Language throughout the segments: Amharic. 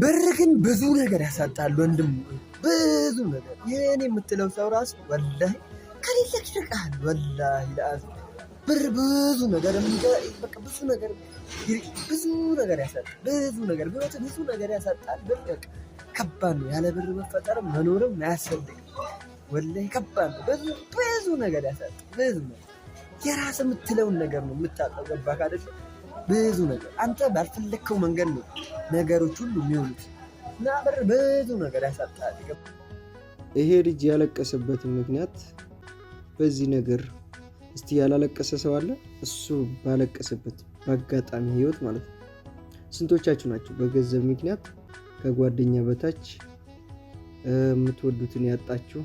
ብር ግን ብዙ ነገር ያሳጣል ወንድም፣ ብዙ ነገር ይህን የምትለው ሰው ራሱ ወላሂ ከሌለ ይርቃል። ወላሂ ለአዝ ብር ብዙ ነገር ብዙ ነገር ብዙ ነገር ያሳጣል። ብዙ ነገር ቢወት ብዙ ነገር ያሳጣል። ብር ከባድ ነው። ያለ ብር መፈጠር መኖርም አያስፈልግም። ወላሂ ከባድ ነው። ብዙ ብዙ ነገር ያሳጣል። ብዙ ነገር የራስ የምትለውን ነገር ነው የምታጠገባ ካደለ ብዙ ነገር አንተ ባልፈለግከው መንገድ ነው ነገሮች ሁሉ የሚሆኑት እና ብር ብዙ ነገር ያሳጣል። ይሄ ልጅ ያለቀሰበትን ምክንያት በዚህ ነገር እስቲ ያላለቀሰ ሰው አለ? እሱ ባለቀሰበት በአጋጣሚ ህይወት ማለት ነው። ስንቶቻችሁ ናቸው በገንዘብ ምክንያት ከጓደኛ በታች የምትወዱትን ያጣችሁ?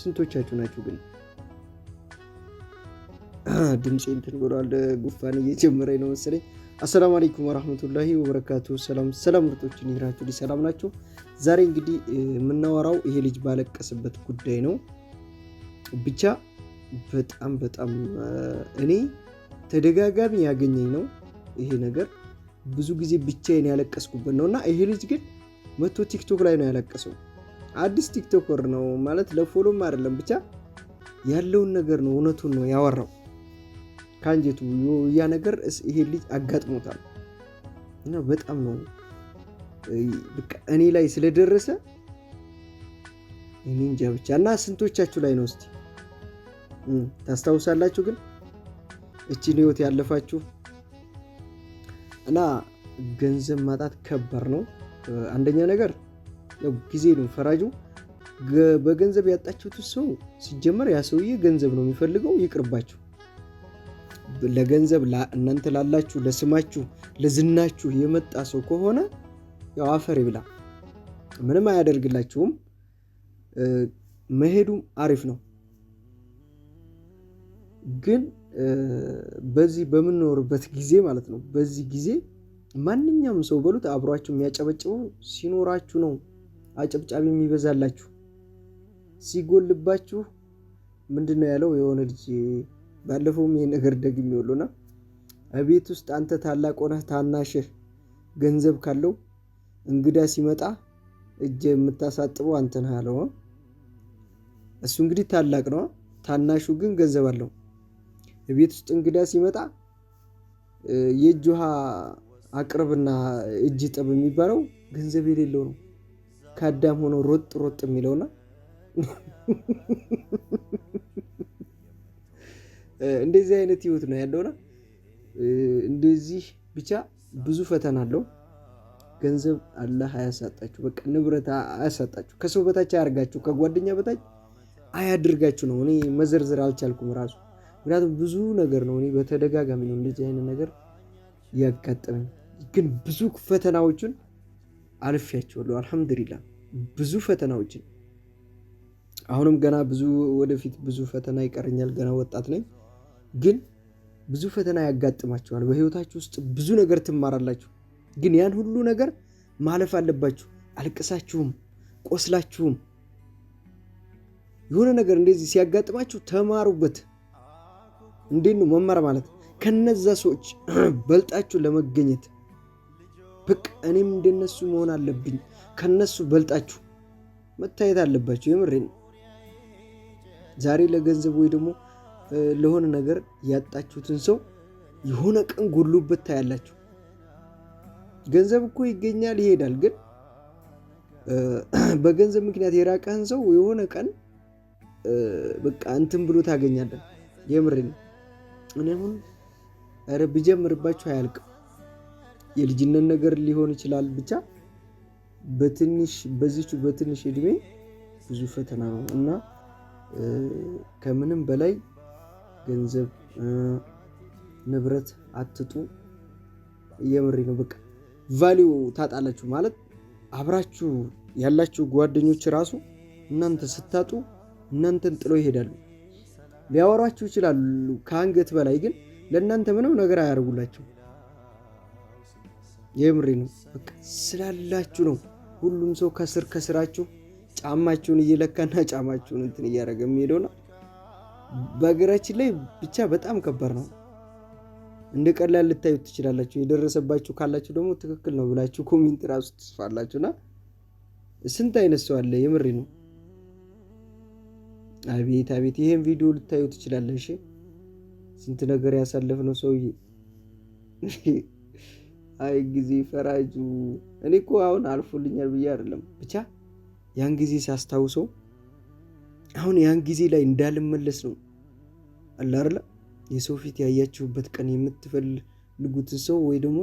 ስንቶቻችሁ ናችሁ ግን ድምፄ እንትን ብሏል። ጉፋን እየጀመረኝ ነው መሰለኝ። አሰላሙ አለይኩም ወራህመቱላሂ ወበረካቱ። ሰላም ሰላም ምርጦች ይራችሁ ሊሰላም ናቸው። ዛሬ እንግዲህ የምናወራው ይሄ ልጅ ባለቀስበት ጉዳይ ነው። ብቻ በጣም በጣም እኔ ተደጋጋሚ ያገኘኝ ነው ይሄ ነገር። ብዙ ጊዜ ብቻዬን ያለቀስኩበት ነው እና ይሄ ልጅ ግን መቶ ቲክቶክ ላይ ነው ያለቀሰው። አዲስ ቲክቶከር ነው ማለት ለፎሎም አይደለም ብቻ ያለውን ነገር ነው እውነቱን ነው ያወራው ከአንጀቱ ያ ነገር ይሄ ልጅ አጋጥሞታል እና በጣም ነው እኔ ላይ ስለደረሰ እኔ እንጃ ብቻ እና ስንቶቻችሁ ላይ ነው እስቲ ታስታውሳላችሁ? ግን እችን ህይወት ያለፋችሁ እና ገንዘብ ማጣት ከባድ ነው። አንደኛ ነገር ጊዜ ነው ፈራጁ። በገንዘብ ያጣችሁት ሰው ሲጀመር ያ ሰውዬ ገንዘብ ነው የሚፈልገው። ይቅርባችሁ። ለገንዘብ እናንተ ላላችሁ ለስማችሁ ለዝናችሁ የመጣ ሰው ከሆነ ያው አፈር ይብላ፣ ምንም አያደርግላችሁም። መሄዱም አሪፍ ነው። ግን በዚህ በምንኖርበት ጊዜ ማለት ነው በዚህ ጊዜ ማንኛውም ሰው በሉት አብሯችሁ የሚያጨበጭበው ሲኖራችሁ ነው። አጨብጫቢ የሚበዛላችሁ ሲጎልባችሁ ምንድን ነው ያለው የሆነ ልጅ ባለፈውም ይህ ነገር ይወሉና እቤት ውስጥ አንተ ታላቅ ሆነህ ታናሽህ ገንዘብ ካለው እንግዳ ሲመጣ እጅ የምታሳጥበው አንተ ነህ አለው። እሱ እንግዲህ ታላቅ ነው፣ ታናሹ ግን ገንዘብ አለው። እቤት ውስጥ እንግዳ ሲመጣ የእጅ ውሃ አቅርብና እጅ ጥብ የሚባለው ገንዘብ የሌለው ነው። ከአዳም ሆኖ ሮጥ ሮጥ የሚለውና እንደዚህ አይነት ህይወት ነው ያለውና እንደዚህ ብቻ ብዙ ፈተና አለው። ገንዘብ አላህ አያሳጣችሁ፣ በቃ ንብረት አያሳጣችሁ፣ ከሰው በታች አያርጋችሁ፣ ከጓደኛ በታች አያድርጋችሁ ነው። እኔ መዘርዘር አልቻልኩም ራሱ ምክንያቱም ብዙ ነገር ነው። እኔ በተደጋጋሚ ነው እንደዚህ አይነት ነገር ያጋጠመኝ፣ ግን ብዙ ፈተናዎችን አልፌያቸዋለሁ። አልሐምዱሊላ ብዙ ፈተናዎችን አሁንም ገና ብዙ ወደፊት ብዙ ፈተና ይቀረኛል። ገና ወጣት ነኝ። ግን ብዙ ፈተና ያጋጥማችኋል። በህይወታችሁ ውስጥ ብዙ ነገር ትማራላችሁ። ግን ያን ሁሉ ነገር ማለፍ አለባችሁ። አልቅሳችሁም፣ ቆስላችሁም የሆነ ነገር እንደዚህ ሲያጋጥማችሁ ተማሩበት። እንዴት ነው መማር ማለት? ከነዛ ሰዎች በልጣችሁ ለመገኘት ብቅ፣ እኔም እንደነሱ መሆን አለብኝ። ከነሱ በልጣችሁ መታየት አለባችሁ። የምሬን ዛሬ ለገንዘብ ወይ ደግሞ ለሆነ ነገር ያጣችሁትን ሰው የሆነ ቀን ጎሎበት ታያላችሁ። ገንዘብ እኮ ይገኛል ይሄዳል፣ ግን በገንዘብ ምክንያት የራቀህን ሰው የሆነ ቀን በቃ እንትን ብሎ ታገኛለን። የምሬ ነው። እኔ አሁን ኧረ ብጀምርባችሁ አያልቅም። የልጅነት ነገር ሊሆን ይችላል። ብቻ በትንሽ በዚች በትንሽ እድሜ ብዙ ፈተና ነው እና ከምንም በላይ ገንዘብ ንብረት አትጡ። እየምሬ ነው። በቃ ቫሊዩ ታጣላችሁ ማለት አብራችሁ ያላችሁ ጓደኞች ራሱ እናንተ ስታጡ እናንተን ጥሎ ይሄዳሉ። ሊያወሯችሁ ይችላሉ ከአንገት በላይ ግን ለእናንተ ምንም ነገር አያደርጉላችሁ። የምሬ ነው። በቃ ስላላችሁ ነው ሁሉም ሰው ከስር ከስራችሁ ጫማችሁን እየለካና ጫማችሁን እንትን እያደረገ የሚሄደውና በሀገራችን ላይ ብቻ በጣም ከባድ ነው። እንደ ቀላል ልታዩት ትችላላችሁ። የደረሰባችሁ ካላችሁ ደግሞ ትክክል ነው ብላችሁ ኮሜንት ራሱ እና ስንት አይነት ሰው አለ። የምሪ ነው። አቤት አቤት! ይሄን ቪዲዮ ልታዩ ትችላለሽ። ስንት ነገር ያሳለፍነው ሰውዬ። አይ ጊዜ ፈራጁ። እኔ እኮ አሁን አልፎልኛል ብዬ አይደለም፣ ብቻ ያን ጊዜ ሳስታውሰው አሁን ያን ጊዜ ላይ እንዳልመለስ ነው አለ አይደለ? የሰው ፊት ያያችሁበት ቀን የምትፈልጉትን ሰው ወይ ደግሞ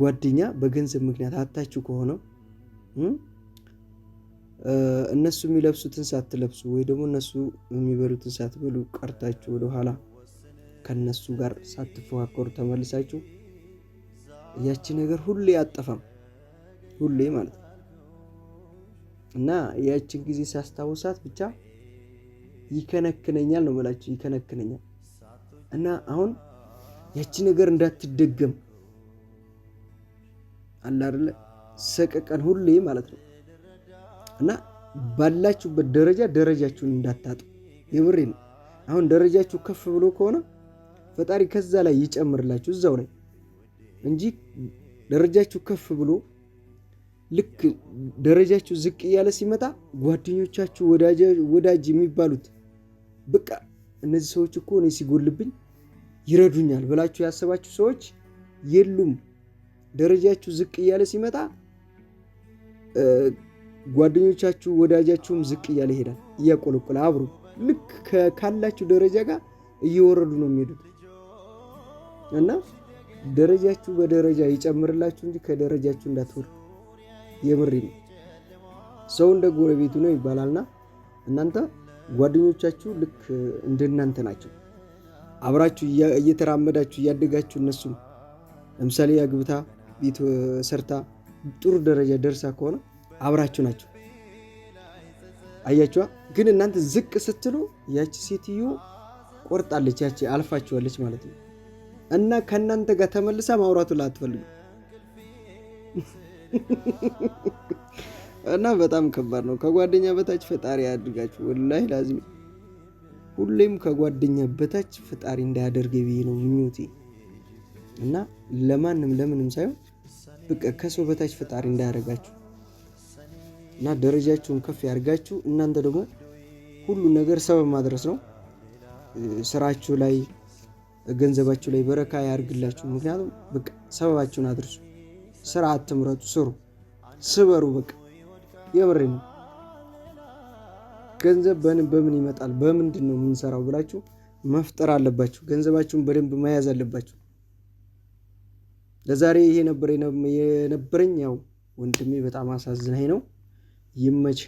ጓደኛ በገንዘብ ምክንያት አታችሁ ከሆነ እነሱ የሚለብሱትን ሳትለብሱ ወይ ደግሞ እነሱ የሚበሉትን ሳትበሉ ቀርታችሁ ወደኋላ ከነሱ ጋር ሳትፎካከሩ ተመልሳችሁ ያቺ ነገር ሁሌ አጠፋም ሁሌ ማለት ነው። እና ያችን ጊዜ ሳስታውሳት ብቻ ይከነክነኛል ነው የምላችሁ፣ ይከነክነኛል እና አሁን ያቺ ነገር እንዳትደገም አለ አይደለ ሰቀቀን ሁሌ ማለት ነው እና ባላችሁበት ደረጃ ደረጃችሁን እንዳታጡ የብሬ ነው። አሁን ደረጃችሁ ከፍ ብሎ ከሆነ ፈጣሪ ከዛ ላይ ይጨምርላችሁ እዛው ላይ እንጂ ደረጃችሁ ከፍ ብሎ ልክ ደረጃችሁ ዝቅ እያለ ሲመጣ ጓደኞቻችሁ ወዳጅ የሚባሉት በቃ እነዚህ ሰዎች እኮ እኔ ሲጎልብኝ ይረዱኛል ብላችሁ ያሰባችሁ ሰዎች የሉም። ደረጃችሁ ዝቅ እያለ ሲመጣ ጓደኞቻችሁ ወዳጃችሁም ዝቅ እያለ ይሄዳል፣ እያቆለቆለ አብሮ ልክ ካላችሁ ደረጃ ጋር እየወረዱ ነው የሚሄዱት እና ደረጃችሁ በደረጃ ይጨምርላችሁ እንጂ ከደረጃችሁ እንዳትወርዱ። የምሬ ነው። ሰው እንደ ጎረቤቱ ነው ይባላልና እናንተ ጓደኞቻችሁ ልክ እንደ እናንተ ናቸው። አብራችሁ እየተራመዳችሁ እያደጋችሁ እነሱም ለምሳሌ ያግብታ ቤት ሰርታ ጥሩ ደረጃ ደርሳ ከሆነ አብራችሁ ናቸው። አያችዋ። ግን እናንተ ዝቅ ስትሉ ያቺ ሴትዮ ቆርጣለች፣ ያቺ አልፋችኋለች ማለት ነው እና ከእናንተ ጋር ተመልሳ ማውራቱ ላትፈልጉ እና በጣም ከባድ ነው። ከጓደኛ በታች ፈጣሪ ያድርጋችሁ። ወላሂ ላዚም ሁሌም ከጓደኛ በታች ፈጣሪ እንዳያደርገ ብዬ ነው ምኞቴ እና ለማንም ለምንም ሳይሆን በቃ ከሰው በታች ፈጣሪ እንዳያደርጋችሁ እና ደረጃችሁን ከፍ ያደርጋችሁ። እናንተ ደግሞ ሁሉን ነገር ሰበብ ማድረስ ነው። ስራችሁ ላይ ገንዘባችሁ ላይ በረካ ያርግላችሁ። ምክንያቱም በቃ ሰበባችሁን አድርሱ። ስራ አትምረጡ፣ ስሩ፣ ስበሩ። በቃ የምሬ ነው። ገንዘብ በምን ይመጣል በምንድን ነው የምንሰራው ብላችሁ መፍጠር አለባችሁ። ገንዘባችሁን በደንብ መያዝ አለባችሁ። ለዛሬ ይሄ ነበር የነበረኝ። ያው ወንድሜ በጣም አሳዝናኝ ነው። ይመች